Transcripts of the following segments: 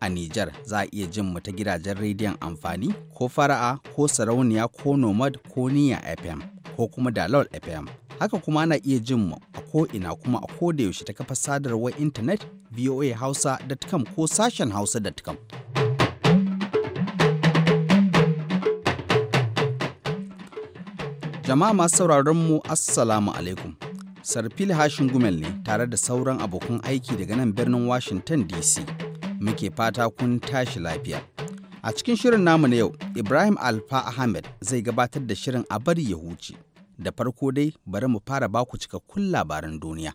a Nijar za a iya jin mu ta gidajen rediyon amfani ko fara'a ko sarauniya ko nomad ko niya FM ko kuma dalol FM. Haka kuma ana iya jin mu a ko ina kuma a ko da yaushe ta kafa sadarwar intanet voahausa.com ko sashen hausa.com. Jama'a masu sauraron mu Assalamu alaikum. Sarfil Hashin Gumel ne tare da sauran abokan aiki daga nan birnin Washington DC. muke fata kun tashi lafiya. A cikin shirin namu na yau, Ibrahim Alfa Ahmed zai gabatar da shirin a bari ya huce. Da farko dai bari mu fara baku cikakkun labaran duniya.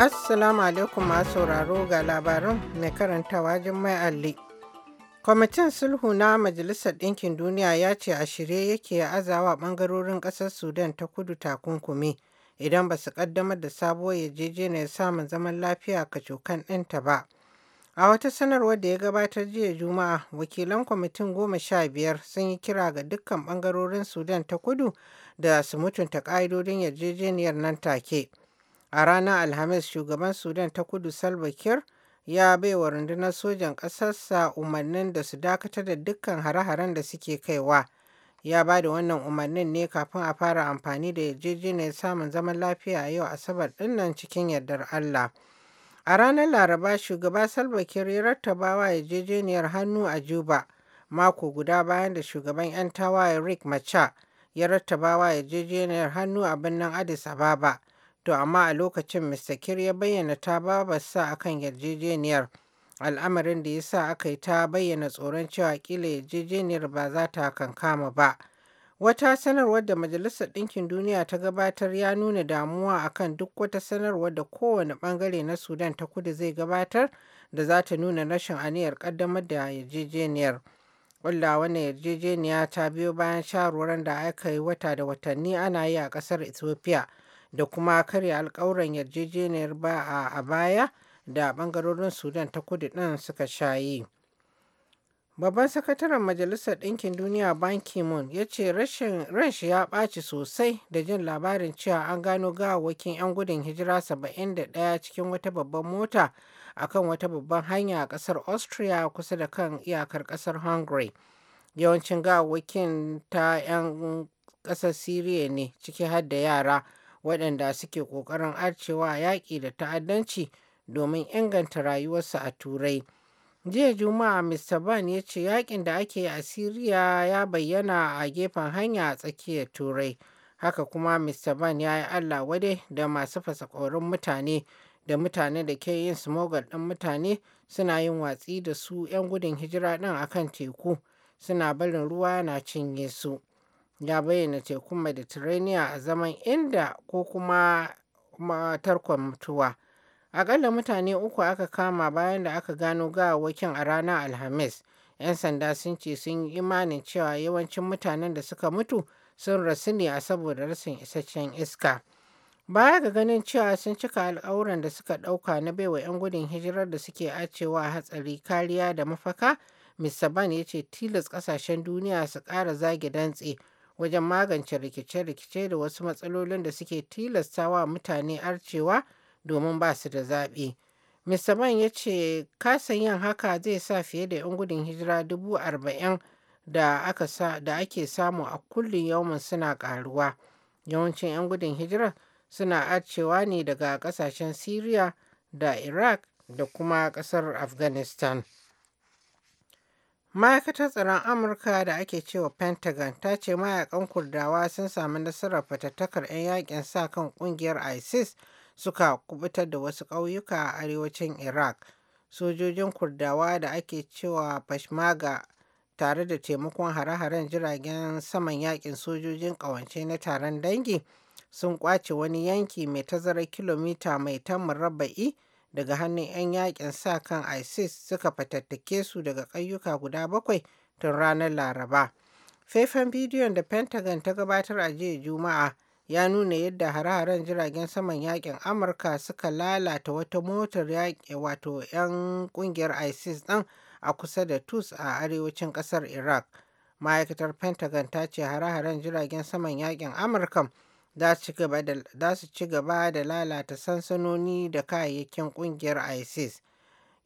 Assalamu alaikum masu sauraro ga labaran mai karantawa Jummai Alli. Kwamitin sulhu na Majalisar Ɗinkin Duniya ya ce a shirye yake azawa ɓangarorin ƙasar Sudan ta kudu takunkumi. idan ba su kaddamar da sabuwar yarjejeniyar samun zaman lafiya kacokan ɗinta ba. A wata sanarwar da ya gabatar jiya Juma'a, wakilan kwamitin goma sha biyar sun yi kira ga dukkan bangarorin Sudan ta kudu da su mutunta ƙa'idodin yarjejeniyar nan take. A ranar Alhamis, shugaban Sudan ta kudu Salva Kiir ya baiwa rundunar sojan ƙasarsa umarnin da su dakatar da dukkan hare-haren da suke kaiwa. ya ba da wannan umarnin ne kafin a fara amfani da yarjejeniyar samun zaman lafiya a yau asabar dinnan cikin yardar Allah. A ranar Laraba shugaba Salva Kiir ya rattabawa yarjejeniyar hannu a Juba mako guda bayan da shugaban 'yan tawaye Rick Macha ya rattaba rattabawa yarjejeniyar hannu a birnin Addis Ababa. To amma a lokacin Mr. Kiir ya bayyana ta babarsa akan yarjejeniyar. al'amarin da ya sa aka yi ta bayyana tsoron cewa kila yarjejeniyar ba za ta kankama ba wata sanarwar da majalisar ɗinkin duniya ta gabatar ya nuna damuwa akan duk wata sanarwar da kowane ɓangare na sudan ta kudu zai gabatar da za ta nuna rashin aniyar ƙaddamar da yarjejeniyar ƙulla wannan yarjejeniya ta biyo bayan shawarwaran da aka yi wata da watanni ana yi a ƙasar ethiopia da kuma karya alƙawuran yarjejeniyar ba a baya da bangarorin sudan ta kudu ɗin suka sha yi babban sakataren majalisar ɗinkin duniya ban ki-moon ya ce ran shi ya ɓaci sosai da jin labarin cewa an gano gawawakin 'yan gudun hijira 71 cikin wata babban mota a kan wata babban hanya a ƙasar austria kusa da kan iyakar ƙasar hungary yawancin gawawakin ta 'yan ƙasar syria ne ciki har da yara waɗanda suke ƙoƙarin arcewa yaƙi da ta'addanci domin inganta rayuwarsu a Turai. Jiya Juma'a Mr. Ban ya ce yakin da ake a Siriya ya bayyana a gefen hanya a tsakiyar Turai. Haka kuma Mr. Ban ya yi Allah wadai da masu fasakorin mutane da mutane da ke yin smogal ɗin mutane suna yin watsi da su 'yan gudun hijira ɗin kan teku suna barin ruwa na cinye su. Ya bayyana tekun Mediterranean a zaman inda ko kuma tarkon mutuwa. Akalla mutane uku aka kama bayan da aka gano gawawwakin a ranar Alhamis. 'Yan sanda sun ce sun yi imanin cewa yawancin mutanen da suka mutu sun rasu ne a saboda rasin isasshen iska. Baya ga ganin cewa sun cika alkawuran da suka ɗauka na baiwa 'yan gudun hijirar da suke acewa a hatsari kariya da mafaka, Mr. Ban ya ce tilas ƙasashen duniya su ƙara zagi dantse wajen magance rikice-rikice da wasu matsalolin da suke tilastawa mutane arcewa domin ba su da zaɓi. Mr. Ban ya ce kasan yin haka zai sa fiye da 'yan gudun hijira dubu arba'in da ake samu a kullum yawon suna ƙaruwa. Yawancin 'yan gudun hijira suna arcewa ne daga ƙasashen Syria da Iraq da kuma ƙasar Afghanistan. Ma'aikatar tsaron Amurka da ake cewa Pentagon ta ce mayakan Kurdawa sun sami nasarar fatattakar 'yan yakin sa kan ƙungiyar ISIS suka kubutar da wasu ƙauyuka a arewacin Iraq. Sojojin Kurdawa da ake cewa Peshmerga tare da taimakon hare-haren jiragen saman yakin sojojin ƙawance na taron dangi sun kwace wani yanki mai tazarar kilomita mai ta murabba'i daga hannun 'yan yakin sa kan isis suka fatattake su daga ƙayyuka guda bakwai tun ranar laraba faifan bidiyon da pentagon ta gabatar a jiya juma'a ya nuna yadda hare-haren jiragen saman yakin Amurka suka lalata wata motar yaƙi wato 'yan kungiyar ISIS ɗin a kusa da Tus a arewacin ƙasar Iraq. Ma'aikatar Pentagon ta ce hare-haren jiragen saman yakin Amurka za su ci gaba da lalata sansanoni da kayayyakin kungiyar ISIS.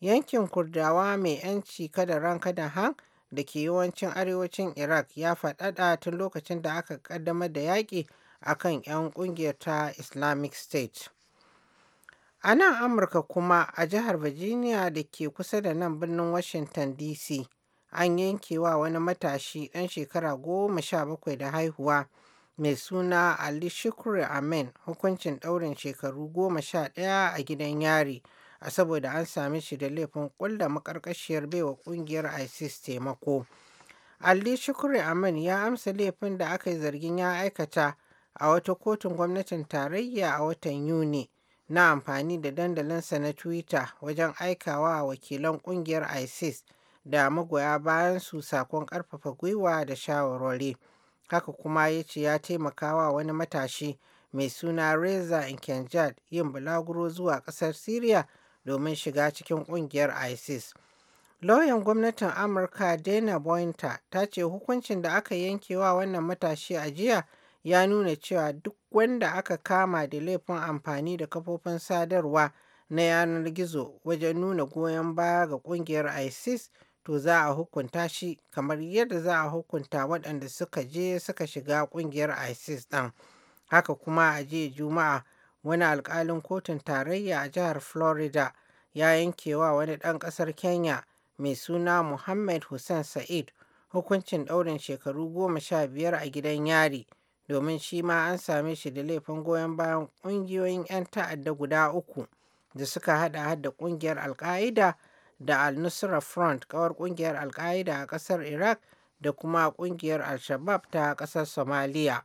Yankin Kurdawa mai 'yanci kada ran kada han da ke yawancin arewacin Iraq ya faɗaɗa tun lokacin da aka ƙaddamar da yaƙi akan 'yan ƙungiyar ta islamic state a nan amurka kuma a jihar virginia da ke kusa da nan birnin washington dc an yankewa wani matashi ɗan shekara goma sha bakwai da haihuwa mai suna ali shukri amen hukuncin ɗaurin shekaru goma sha ɗaya a gidan yari a saboda an sami shi da laifin ƙulla makarkashiyar baiwa ƙungiyar isis taimako ali shukri amen ya amsa laifin da aka yi zargin ya aikata a wata kotun gwamnatin tarayya a watan Yuni na amfani da dandalinsa na Twitter wajen aikawa wakilan kungiyar ISIS da magoya bayan su sakon karfafa gwiwa da shawarwari. Haka kuma ya ce ya taimakawa wani matashi mai suna Reza Inkenjad yin bulaguro zuwa ƙasar Syria domin shiga cikin kungiyar ISIS. Lauyan gwamnatin Amurka Dana Boynta ta ce hukuncin da aka yankewa wannan matashi a jiya ya nuna cewa duk wanda aka kama da laifin amfani da kafofin sadarwa na yanar gizo wajen nuna goyon baya ga ƙungiyar isis to za a hukunta shi kamar yadda za a hukunta waɗanda suka je suka shiga ƙungiyar isis ɗin haka kuma a jiya juma'a wani alkalin kotun tarayya a jihar florida ya yankewa wani ɗan ƙasar kenya mai suna muhammad hussein sa'id hukuncin ɗaurin shekaru goma sha biyar a gidan yari domin shi ma an same shi da laifin goyon bayan ƙungiyoyin 'yan ta'adda guda uku da suka hada da ƙungiyar al da al-nusra front kawar ƙungiyar al a ƙasar iraq da kuma ƙungiyar al-shabab ta ƙasar somalia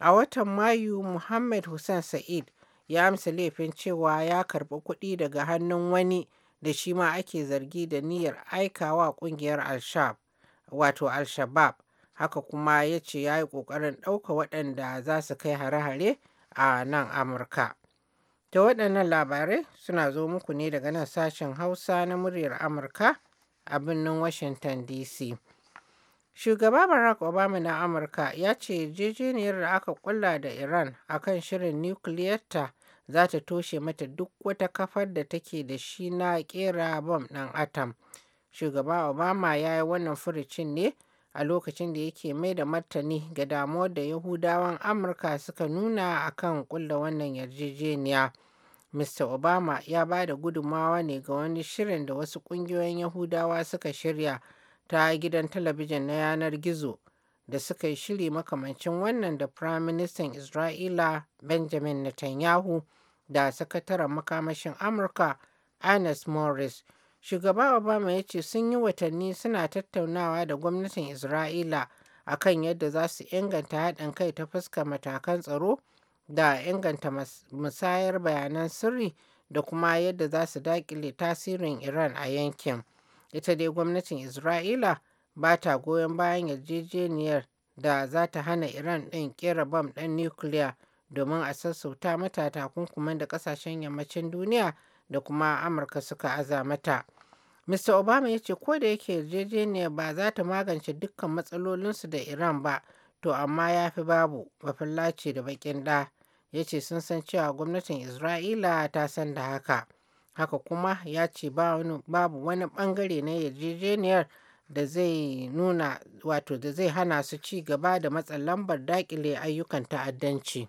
a watan mayu muhammad hussein sa'id ya amsa laifin cewa ya karɓi kuɗi daga hannun wani da shi ma ake zargi da niyyar aikawa ƙungiyar al-shabab al-shabab haka kuma ya ce ya yi ƙoƙarin ɗauka waɗanda za su kai hare-hare a nan amurka ta waɗannan labarai suna zo muku ne daga nan sashen hausa na muryar amurka a birnin washington dc shugaba barack obama na amurka ya ce yarjejeniyar da aka kulla da iran akan shirin nukiliyarta za ta toshe mata duk wata kafar da take da shi na kera bom ɗin atom shugaba obama ya yi wannan furucin ne a lokacin da yake mai da martani ga damuwar da yahudawan amurka suka nuna a kan kulla wannan yarjejeniya mr obama ya ba da gudummawa ne ga wani shirin da wasu kungiyoyin yahudawa suka shirya ta gidan talabijin na yanar gizo da suka yi shiri makamancin wannan da firaministan isra'ila benjamin netanyahu da sakataren makamashin amurka ernest morris Shugaba Obama ya ce sun yi watanni suna tattaunawa da gwamnatin Isra'ila a kan yadda za su inganta haɗin kai ta fuska matakan tsaro da inganta musayar bayanan sirri da kuma yadda za su daƙile tasirin Iran a yankin. Ita dai gwamnatin Isra'ila ba ta goyon bayan yarjejeniyar da za ta hana Iran ɗin ƙera bam ɗin nukiliya domin a sassauta mata takunkuman da ƙasashen yammacin duniya da kuma Amurka suka aza mata. Mr. Obama ya ce ko da yake yarjejeniyar ba za ta magance dukkan matsalolinsu da Iran ba, to amma ya fi babu bafallaci da baƙin ɗa. Ya ce sun san cewa gwamnatin Isra'ila ta san da haka. Haka kuma ya ce babu wani ɓangare na yarjejeniyar da zai nuna wato da zai hana su ci gaba da matsan lambar dakile ayyukan ta'addanci.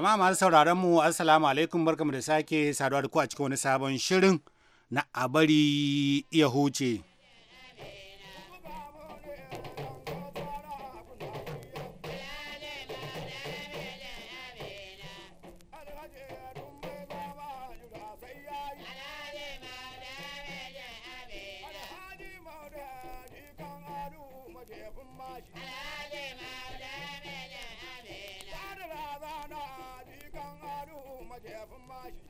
Jama'a masu sauraron mu Assalamu alaikum barkamu da sake saduwa da ku a cikin wani sabon shirin na a bari ya huce. Hello. Yeah, for my.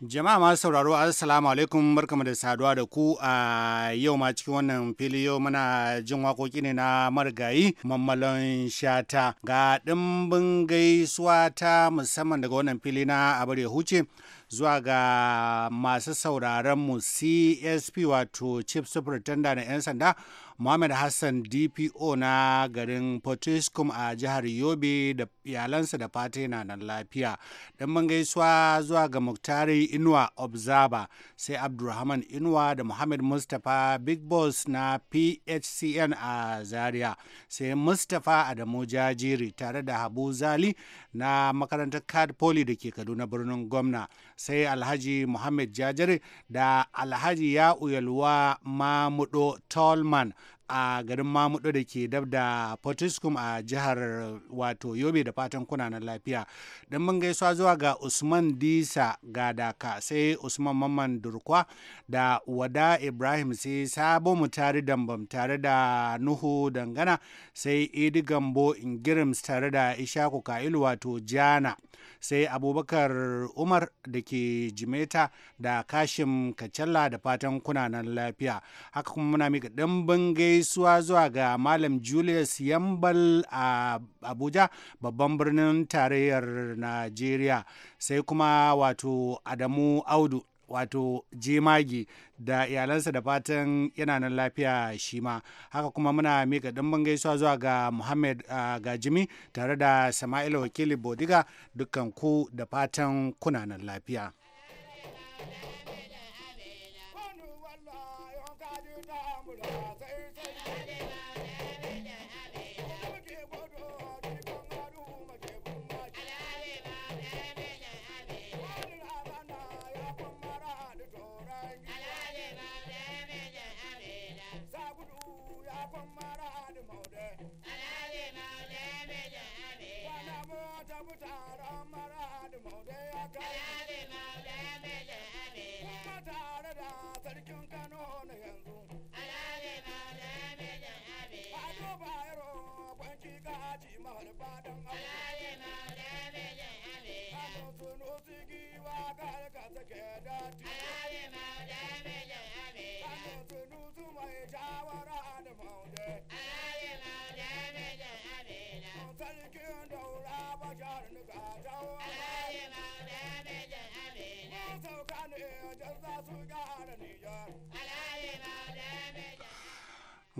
Jama'a masu sauraro assalamu alaikum barkamu da saduwa da ku a yau ma cikin wannan fili yau muna jin waƙoƙi ne na marigayi mammalon shata ga ɗimbin gaisuwa ta musamman daga wannan fili na abar huce zuwa ga masu sauraron mu CSP wato Chief Superintendent na 'yan sanda Muhammad Hassan DPO na garin Potiskum a jihar Yobe da iyalansa da fata yana nan lafiya don man gaisuwa zuwa ga muktari inuwa observer sai abdulrahman inuwa da muhammad mustapha big boss na phcn a zaria sai mustapha adamu jajiri tare da habu zali na makarantar card poly da ke kaduna birnin gwamna sai alhaji muhammad jajiri da alhaji ya uyalwa mamudo tolman a garin mamudu da ke dab da potiskum a jihar wato yobe da fatan kunanan lafiya don mun gaisuwa zuwa ga usman disa gadaka sai usman mamman durkwa da wada ibrahim sai sabo da dambam tare da nuhu dangana sai idi gambo ingirims tare da ishaku ka'ilu wato jana sai abubakar umar da ke jimeta da kashim kacalla da fatan kunanan lafiya haka kuma muna mika ɗimbin gaisuwa zuwa ga malam julius yambal a abuja babban birnin tarayyar najeriya sai kuma wato adamu audu wato jemage da iyalansa da fatan yana nan lafiya shi ma haka kuma muna mika ɗan gaisuwa zuwa ga muhammed muhammad gajimi tare da sama'ila wakili bodiga dukkan ku da fatan kuna nan lafiya Ukatara maradu maude akayade maude da sarkin Kano bayro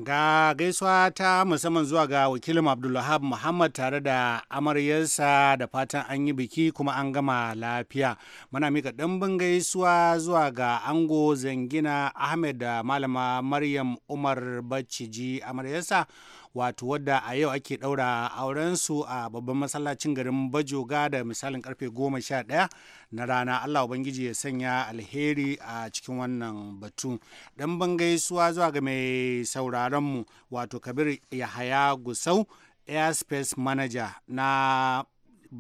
Ga gaisuwa ta musamman zuwa ga wakilin Abdullahab Muhammad tare da amaryarsa da fatan an yi biki kuma an gama lafiya. Muna mika ɗimbin gaisuwa zuwa ga ango zangina Ahmed da malama Maryam Umar Baciji amaryarsa. wato wadda a yau ake daura aurensu a babban masallacin garin bajoga da misalin karfe goma sha ɗaya na rana allah ubangiji ya sanya alheri a cikin wannan batu dan bangai suwa zuwa ga mai sauraronmu wato kabir yahaya gusau airspace manager na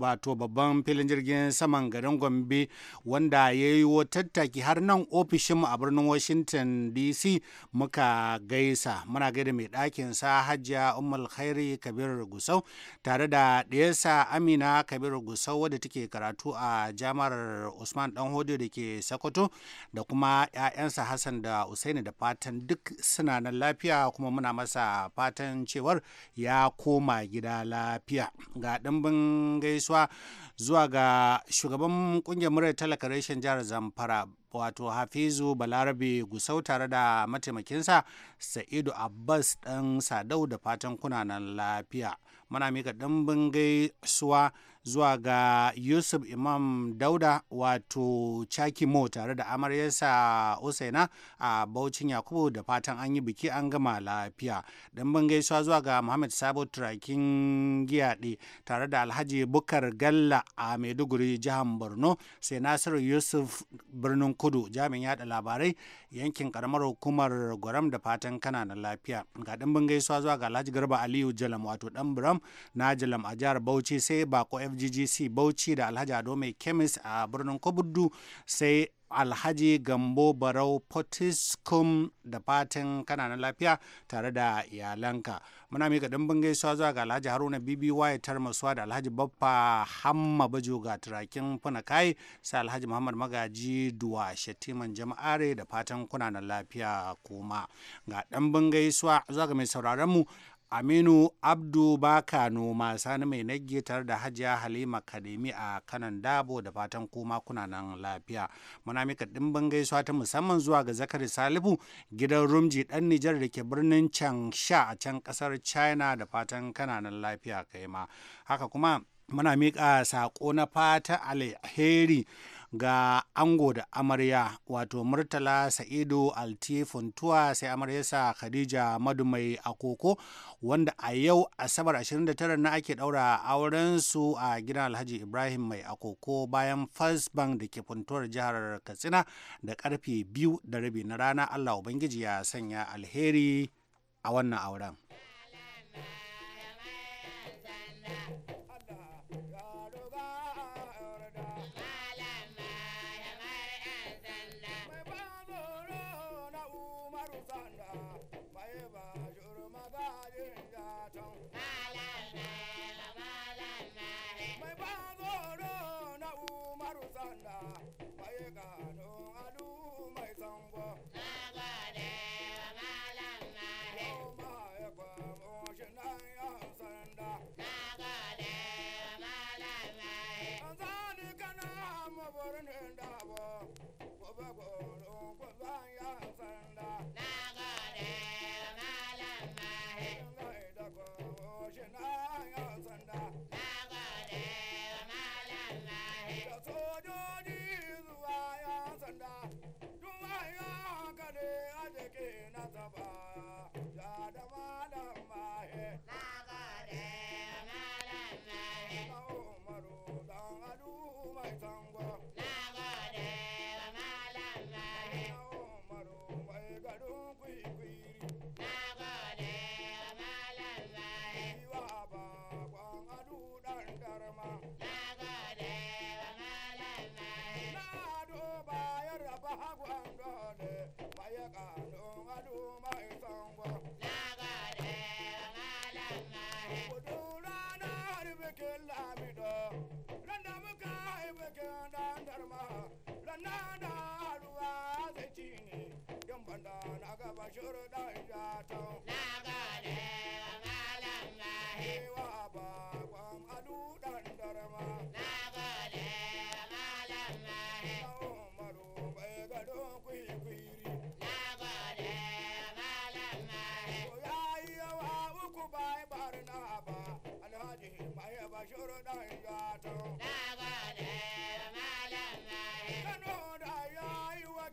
wato babban filin jirgin saman garin gombe wanda ya yi wa tattaki har nan ofishinmu a birnin washington dc muka gaisa muna gaida mai ɗakin sa hajiya umar khairi kabir gusau tare da ɗayarsa amina kabir gusau wadda take karatu a jami'ar usman dan hodo da ke sokoto da kuma 'ya'yansa hassan da usaini da fatan duk suna nan lafiya kuma muna masa fatan cewar ya koma gida lafiya ga ɗimbin gaisa gaisuwa zuwa ga shugaban kungiyar murar talaka reshen jihar zamfara wato hafizu balarabe gusau tare da mataimakinsa sa'idu abbas ɗan sadau da fatan kunanan lafiya muna mika ɗimbin gaisuwa zuwa ga yusuf imam dauda wato chakimo tare da amaryarsa usaina a baucin yakubu da fatan an yi biki an gama lafiya dan ban gaisuwa zuwa ga muhammad sabo turakin giyaɗe tare da alhaji bukar galla a maiduguri jihar borno sai nasiru yusuf birnin kudu jami'in yada labarai yankin karamar hukumar gwaram da fatan kana na lafiya ga dimbin gaisuwa zuwa ga alhaji garba aliyu jalam wato dan Biram na jalam a jihar bauchi sai bako fj fggc bauchi da alhaji ado mai kemis a birnin kobuddu sai alhaji gambo barau potiskum da fatan kananan lafiya tare da iyalanka muna mika dimbin gaisuwa zuwa ga alhaji haruna bibi tar tarmasuwa da alhaji baffa hamma bajo ga turakin funa kai sai alhaji muhammad magaji duwa shatiman jama'are da fatan kunanan lafiya kuma ga dimbin gaisuwa zuwa ga mai sauraronmu mu aminu abdu baka noma sani mai nagge tare da hajiya halima kademi a kanan dabo da fatan kuma kuna nan lafiya muna mika dimbin gaisuwa ta musamman zuwa ga zakari salihu gidan rumji dan nijar da ke birnin changsha a can kasar china da fatan kana nan lafiya kai ma haka kuma muna mika sako na fata alheri ga ango da amarya wato murtala sa'idu alti funtuwa sai amaryarsa khadija madumai akoko wanda a yau asabar 29 na ake daura auren su a gidan alhaji ibrahim mai akoko bayan first bank da ke funtuwar jihar katsina da karfe biyu da rabi na rana allah ubangiji ya sanya alheri a wannan auren. sanda, mai gano alu mai zango. ma lana da arwa zai ne yan banda na gaba shuru da ya ta na gane malam lahi wa ba kwam adu dan darma na gane malam lahi umaru bai gado na malam ya yi uku bai ba alhaji mai ba shuru da ya ta na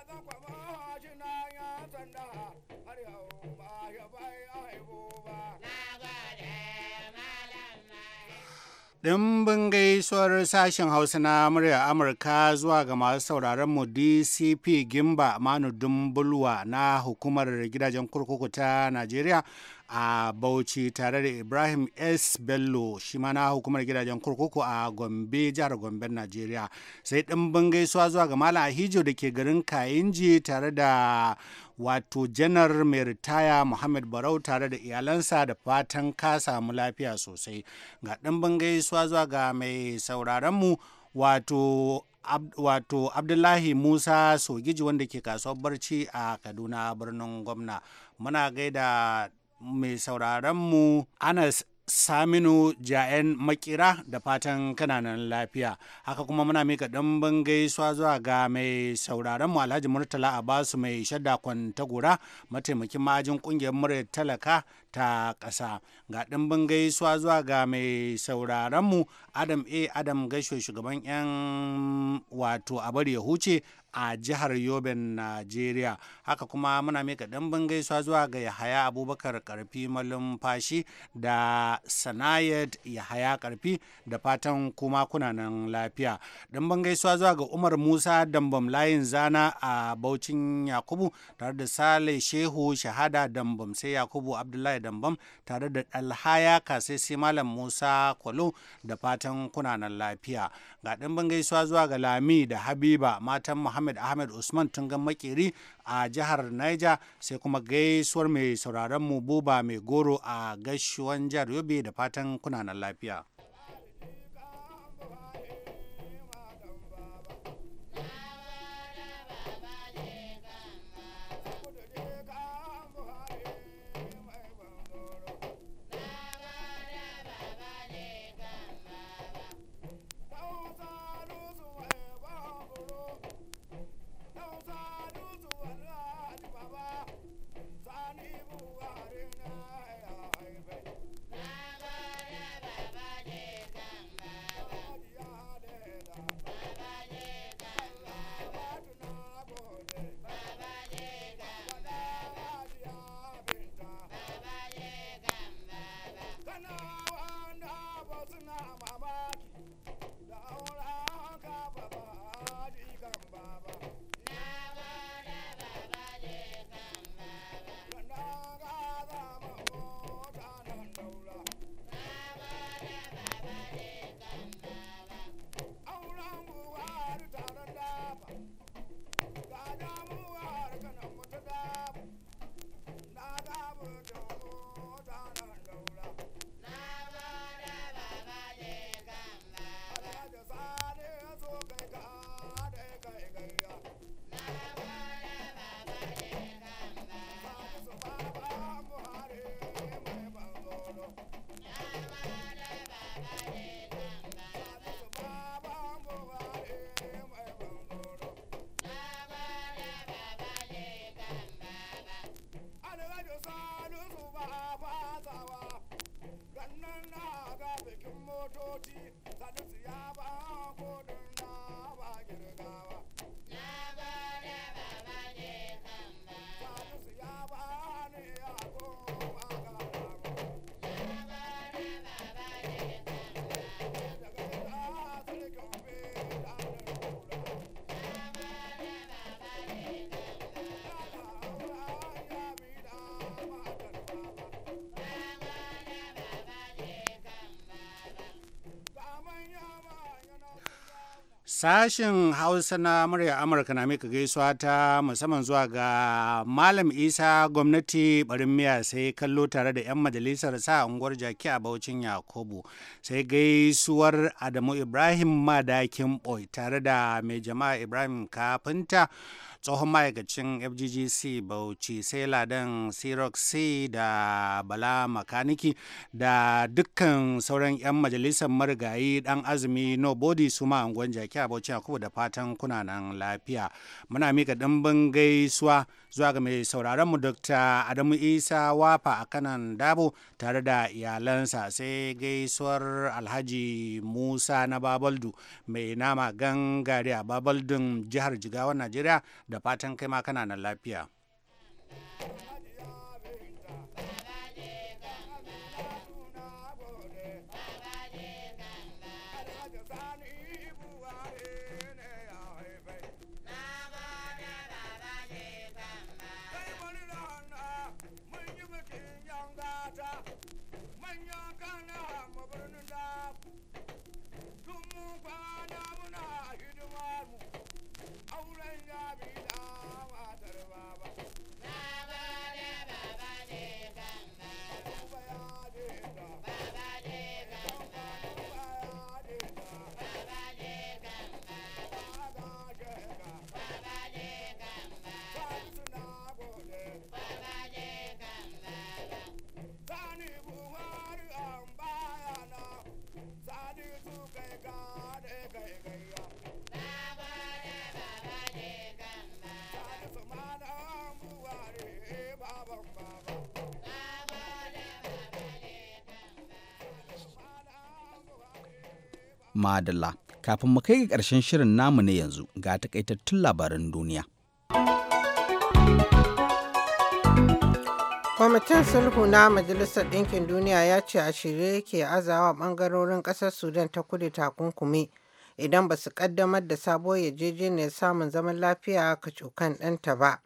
ya zakwa ma na ya sanda a ba. gaisuwar sashen Hausa na murya Amurka zuwa ga masu sauraron mu DCP Gimba Manu Dumbulwa na hukumar gidajen kurkuku ta Najeriya a Bauchi tare da Ibrahim S. Bello shi ma na hukumar gidajen kurkuku a Gombe jihar Gombe Najeriya sai ɗimbin gaisuwa zuwa ga Malam Ahijo da ke garin Kayinji tare da wato janar mai ritaya Muhammad Barau tare da iyalansa da fatan ka samu lafiya sosai ga ɗimbin gaisuwa zuwa ga mai sauraronmu wato wato abdullahi musa sogiji wanda ke kasuwar barci a kaduna birnin gwamna muna gaida mai sauraronmu Anas Saminu Ja'en Makira da fatan kananan lafiya. Haka kuma muna mika ɗan gaisuwa zuwa ga mai sauraronmu Alhaji Murtala a basu mai shadda kwantagura mataimakin ma'ajin ƙungiyar murar talaka ta ƙasa. Ga ɗan gaisuwa zuwa ga mai sauraronmu Adam A. Adam gaisho shugaban 'yan wato a bari ya huce a jihar Yoben, Najeriya. Haka kuma muna mika dambin gaisuwa zuwa ga Yahaya Abubakar Karfi Malumfashi da Sanayed Yahaya Karfi da fatan kuma kuna nan lafiya. dambin gaisuwa zuwa ga Umar Musa Dambam Layin Zana a Baucin Yakubu tare da Sale Shehu Shahada Dambam sai Yakubu Abdullahi Dambam tare da Alhaya Kasai sai Malam Musa Kwalo da fatan kuna nan lafiya. Ga dambin gaisuwa zuwa ga Lami da Habiba matan Muhammad Muhammad Ahmed Usman gan Makeri a jihar Niger sai kuma gaisuwar mai sauraron mu Buba mai goro a gashuwan jihar Yobe da fatan kuna kunanan lafiya. Sashen Hausa na murya Amurka na mika gaisuwa ta musamman zuwa ga Malam Isa gwamnati barin miya sai kallo tare da 'yan majalisar sa unguwar jaki a Baucin Yakubu sai gaisuwar Adamu Ibrahim Madakin Boy tare da mai jama'a Ibrahim Kafinta. tsohon ma'aikacin fggc bauchi sai ladan c da bala makaniki da dukkan sauran 'yan majalisar marigayi dan azumi body su ma angon jaki a bauchi da fatan kuna nan lafiya muna mika dimbin gaisuwa zuwa ga mai sauraron mu Dr. Adamu Isa Wafa a kanan Dabo tare da iyalansa sai gaisuwar Alhaji Musa na Babaldu mai nama gangare a Babaldun jihar Jigawa Najeriya da fatan kai ma kana nan lafiya. Madala. Kafin mu kai ga ƙarshen shirin namu na yanzu ga takaitattun labaran duniya. kwamitin sulhu na majalisar ɗinkin duniya ya ce a shirye yake azawa ɓangarorin ƙasar sudan ta kudu takunkumi idan ba su ƙaddamar da sabuwar yarjejeniyar samun zaman lafiya a kacokan ɗanta ba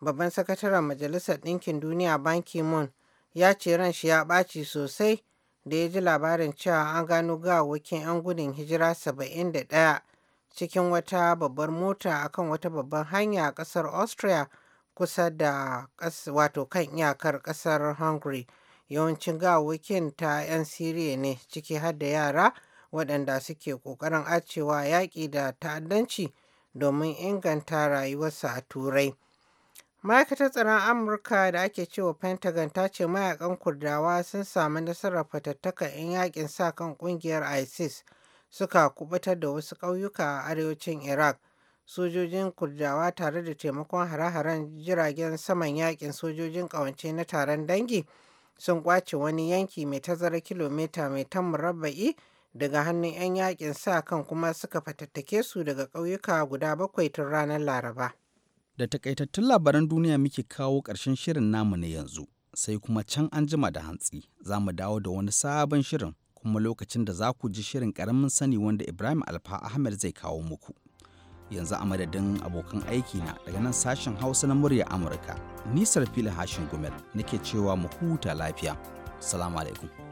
babban sakataren majalisar ɗinkin duniya ban ki-moon ya ce ran shi ya ɓaci sosai da ya ji labarin cewa an gano gawawwakin 'yan gudun hijira 71 cikin wata babbar mota a kan wata babbar hanya a kasar austria kusa da wato kan iyakar kasar hungary yawancin gawawwakin ta 'yan siriya ne ciki har da yara waɗanda suke ƙoƙarin acewa yaƙi da ta'addanci domin inganta rayuwarsa a turai Ma'aikatar tsaron Amurka da ake cewa Pentagon ta ce mayakan Kurdawa sun samu nasarar fatattaka 'yan yakin sa kan kungiyar ISIS suka kubutar da wasu ƙauyuka a arewacin Iraq. Sojojin Kurdawa tare da taimakon hare-haren jiragen saman yakin sojojin ƙawance na taron dangi sun kwace wani yanki mai tazara kilomita mai tan murabba'i daga hannun 'yan yakin sa kan kuma suka fatattake su daga ƙauyuka guda bakwai tun ranar Laraba. da takaitattun labaran duniya muke kawo ƙarshen shirin namu na yanzu sai kuma can an jima da hantsi za mu dawo da wani sabon shirin kuma lokacin da za ku ji shirin ƙaramin sani wanda ibrahim alfa ahmed zai kawo muku yanzu a madadin abokan aiki na daga nan sashen hausa na murya amurka nisar fili hashin gumel nake cewa mu huta lafiya salamu alaikum